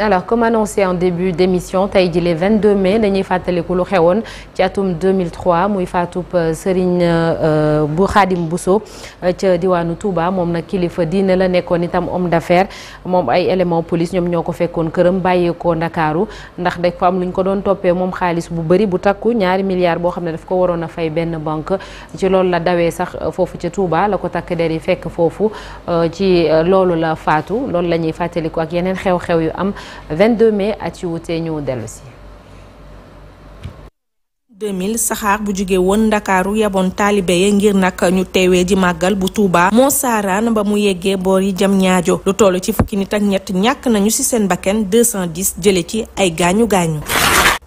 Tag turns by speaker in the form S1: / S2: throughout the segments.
S1: alors comme annoncé en début d'émission tey jii le 22 mai dañuy fàttaliku lu xewoon ci atum 2003 muy faatu euh, Serigne euh, bu Xaadim Bousso euh, ca diwaanu Touba moom nag kilifa diine la nekkoon itam homme d'affaires moom ay élément police ñoom ñoo ko fekkoon këram bàyyeekoo Ndakaaru ndax dafa am lu ñu ko doon toppee moom xaalis bu bëri bu takku ñaari milliards boo xam ne daf ko waroon a fay benn banque ci loolu la dawee sax foofu ca Touba la ko takk der yi fekk foofu ci loolu la faatu loolu la ñuy fàttaliku ak yeneen xew-xew yu am 22 mai at yu wutee dellu si.
S2: 2000 saxaar bu jóge woon ndakaaru yaboon taalibe ya ngir nag ñu teewee ji màggal bu Touba moo saaraan ba mu yeggee boor yi jam ñaajo lu toll ci fukki nit ak ñett ñàkk nañu ci seen bakken 210 jële ci ay gaañu gaañu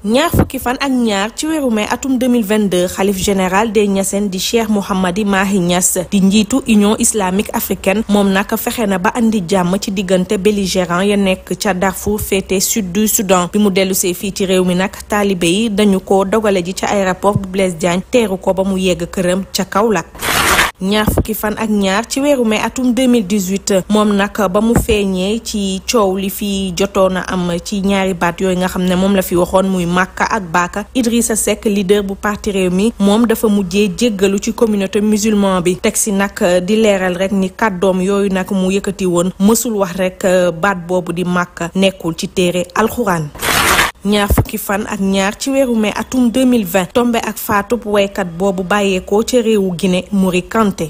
S2: ñaar fukki fan ak ñaar ci weeru mai atum 2022 xalif général de Niassène di Cheikh Mouhamadi Mahi Niass di njiitu Union islamique africaine moom naka fexe na ba indi jàmm ci diggante belligérant ya nekk ca Darfour féete sud du Soudan bi mu dellusee fii ci réew mi nag taalibe yi dañu ko dogale ji ca aéroport bu Blaise Diagne teeru ko ba mu yegg këram ca Kaolack ñaar fukki fan ak ñaar ci weeru mai atum 2018 moom nag ba mu feeñee ci coow li fi jotoon na am ci ñaari baat yooyu nga xam ne moom la fi waxoon muy màkk ak Baaka Idrissa Seck leader bu parti Rewmi moom dafa mujjee jéggalu ci communauté musulman bi teg si nag euh, di leeral rek ni kàddoom yooyu nag mu yëkkati woon mësul wax rek euh, baat boobu di Makka nekkul ci téere alxuraan ñaar fukki fan ak ñaar ci weeru mai atum 2020 tombe ak faatub waykat boobu bàyyeekoo ca réewu Guinée Mory Kanté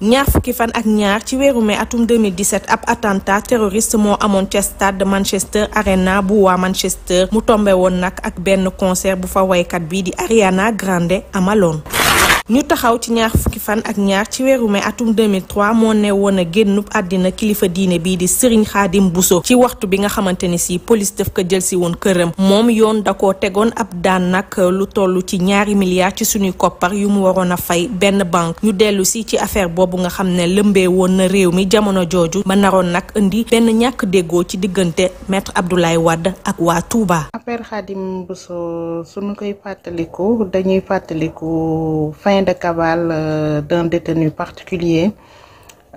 S2: ñaar fukki fan ak ñaar ci weeru mai atum 2017 ab attentat terroriste moo amoon ca stade de Manchester Arena bu waa Manchester mu tombe woon nag ak benn concert bu fa waykat bi di Ariana Grande amaloon ñu taxaw ci ñaar fukki fan ak ñaar ci weeru mai atum 2003 moo ne woon a génnub àddina kilifa diine bii di Serigne Khadim Bousso ci waxtu bi nga xamante ni si police daf ko jël si woon këram moom yoon da koo tegoon ab daan nag lu tollu ci ñaari milliards ci suñuy koppar yu mu waroon a fay benn banque ñu dellu si ci affaire boobu nga xam ne lëmbee woon na réew mi jamono jooju ba naroon nag indi benn ñàkk déggoo ci diggante maître Abdoulaye wàdd ak waa Touba.
S3: affaire Khadim Bousso suñu koy fàttaliku dañuy fàttaliku fin de cavale euh, d'un détenu particulier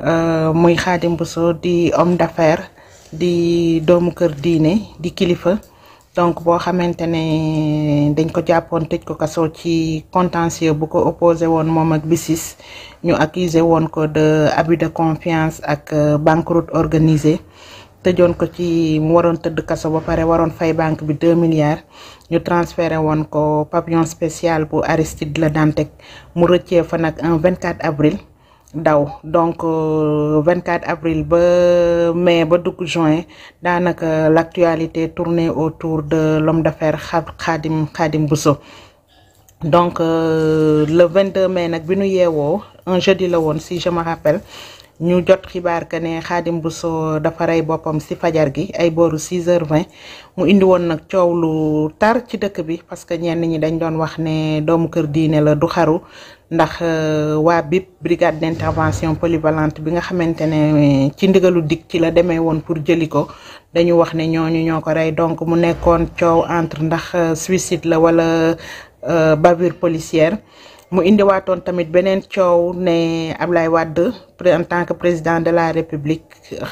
S3: euh, muy Khadim Bousso di homme d'affaires di doomu kër dine di kilifa donc boo xamante ne dañ ko jàppoon tëj ko kaso ci contentieux bu ko opposé woon moom ak BICIS ñu accusé woon ko de abus de confiance ak euh, banqueroute organisée tëjoon ko ci mu waroon tëdd kaso ba pare waroon fay banque bi deux milliards ñu transféré woon ko pavillon spéciale bu Aristide la Dantec mu rëccee fa nag un 24 avril daw donc 24 euh, avril ba mais ba dugg juin daanaka l'actualité tournait autour de l'homme d'affaires Khadim Khadim Bousso donc euh, le 22 mai nag bi nu yewoo un jeudi la woon si je me rappelle ñu jot xibaar que ne Khadim Bousso dafa rey boppam si fajar gi ay booru 6h20 mu indi woon nag coow lu tar ci dëkk bi parce que ñenn ñi dañ doon wax ne doomu kër diine la du xaru ndax euh, waa BIP brigade d'intervention polyvalente bi nga xamante ne euh, ci ndigalu dikk ci la demee woon pour jëli ko dañu wax ne ñooñu ñoo ko rey donc mu nekkoon coow entre ndax euh, suicide la wala bavure policière. mu indiwaatoon tamit beneen coow ne Ablaye Wade en tant que président de la République euh,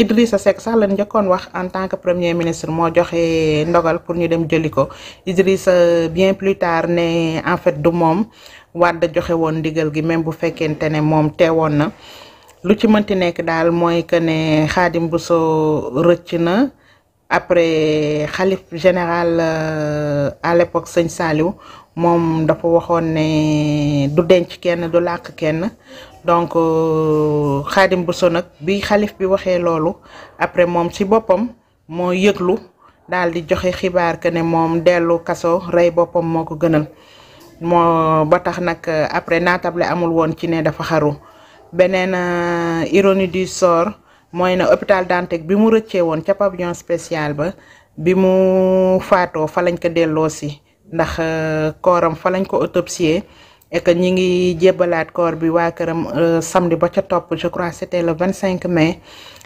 S3: Idrissa Seck sax la njëkkoon wax en tant que premier ministre moo joxe ndogal pour ñu dem jëli ko Idrissa euh, bien plus tard ne en fait du moom Wade joxe woon ndigal gi même bu fekkente ne moom woon na lu ci mënti nekk daal mooy que ne Khadim Bousso rëcc na. après xalif général euh, à l'époque sëñ Saliou moom dafa waxoon ne du denc kenn du làkk kenn donc xaadim euh, bu so nag bi xalif bi waxee loolu après moom ci boppam moo yëglu daal di joxe xibaar que ne moom dellu kaso rey boppam moo ko gënal moo ba tax nag euh, après naatable amul woon ci ne dafa xaru beneen ironie du sort mooy na hôpital Dantec bi mu rëccee woon ca pavillon spécial ba bi mu faatoo fa lañ ko delloo si ndax euh, kooram fa lañ ko autopsier et que ñi ngi jébbalaat koor bi waa këram euh, samedi ba ca topp je crois c'était le vingt cinq mais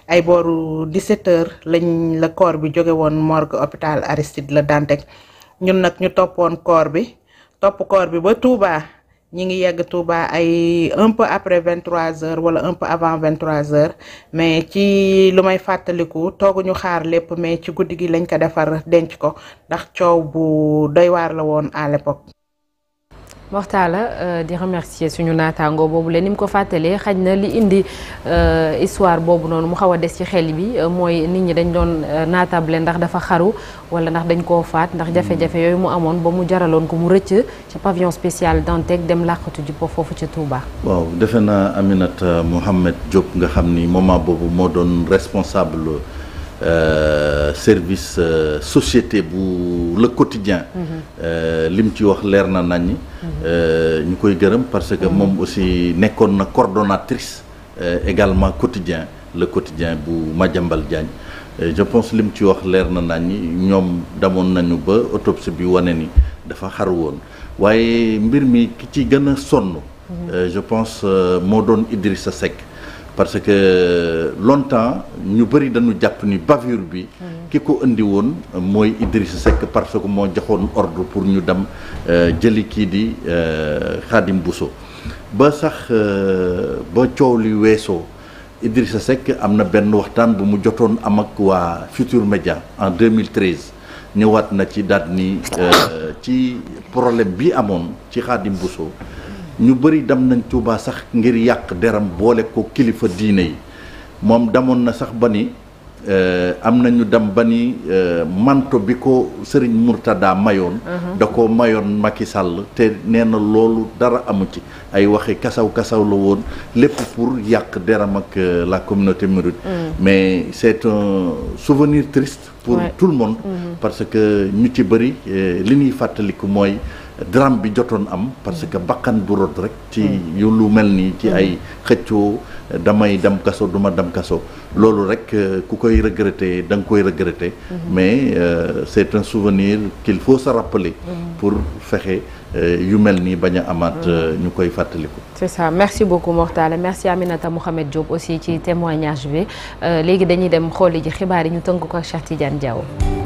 S3: ay booru 17 heures lañ la koor bi jóge woon morgue hôpital Aristide la Dantec ñun nag ñu toppoon koor bi topp koor bi ba Touba. ñi ngi yegg Touba ay un peu après vingt trois heures wala un peu avant vingt trois heures mais ci lu may fàttaliku ñu xaar lépp mais ci guddi gi lañ ko defar denc ko ndax coow bu doy waar la woon à l'époque
S1: Mortala euh, di remercier suñu naataango boobu leen ni mu ko fàttalee xaj na li indi euh, histoire boobu noonu mu xaw a des ci xel bi euh, mooy nit ñi dañ doon naatable ndax dafa xaru wala ndax dañ koo faat ndax hmm. jafe-jafe yooyu mu amoon ba mu jaraloon ko mu rëcc ci pavillon spécial Dantec dem làqatu ji ko foofu ci Touba.
S4: waaw defe na Aminata Mohamed Diop nga xam ni moment boobu moo doon responsable. Euh... service euh, société bu le quotidien mhm. euh, lim ci wax leer na nañ mhm. euh, ñu koy gërëm parce que mhm. moom aussi nekkoon na coordonnatrice également quotidien le quotidien bu Madiambal Diagne je pense lim ci wax leer na nañ ñoom demoon nañu ba autopsie bi wane ni dafa xar woon waaye mbir mi ki ci gën a sonn je pense moo doon sa Seck parce que longtemps ñu bëri dañu jàpp ni bavure bi ki ko indi woon mooy Idrissa Seck parce que moo joxoon ordre pour ñu dem euh, jëli kii di euh, Khadim Bousso ba sax euh, ba coow li weesoo Idrissa Seck am na benn waxtaan bu mu jotoon am ak waa Futur Média en 2013 ñëwaat na ci daat ni ci problème bi amoon ci Khadim Bousso ñu bëri dem nañ Touba sax ngir yàq deram boole ko kilifa diine yi moom demoon na sax ba ni euh, am ñu dem ba ni euh, manto bi ko Serigne Mourtada mayoon uh-huh. da ko mayoon Macky sàll te nee na loolu dara amu ci ay waxi kasaw-kasaw la woon lépp pour yàq deram ak euh, la communauté mouride mm. mais c'est souvenir triste pour tout le monde mm-hmm. parce que ñu ci bëri li ñuy fàttaliku mooy drame bi jotoon am parce que bakkan bu rot rek ci yu lu mel nii ci ay xëccoo damay dem kaso duma dem kaso loolu rek euh, ku koy regretter da nga koy regretter mhm. mais euh, c'est un souvenir qu'il faut se rappeler mhm. pour fexe euh, yu mel nii bañ a amaat mhm. euh, ñu koy fàttaliku.
S1: c'est ça merci beaucoup Mortale merci Aminata Mouhamed Diop aussi ci témoignage bi léegi dañuy dem xooli ji xibaar yi ñu tënk ko ak Cheikh Tidiane Diaw.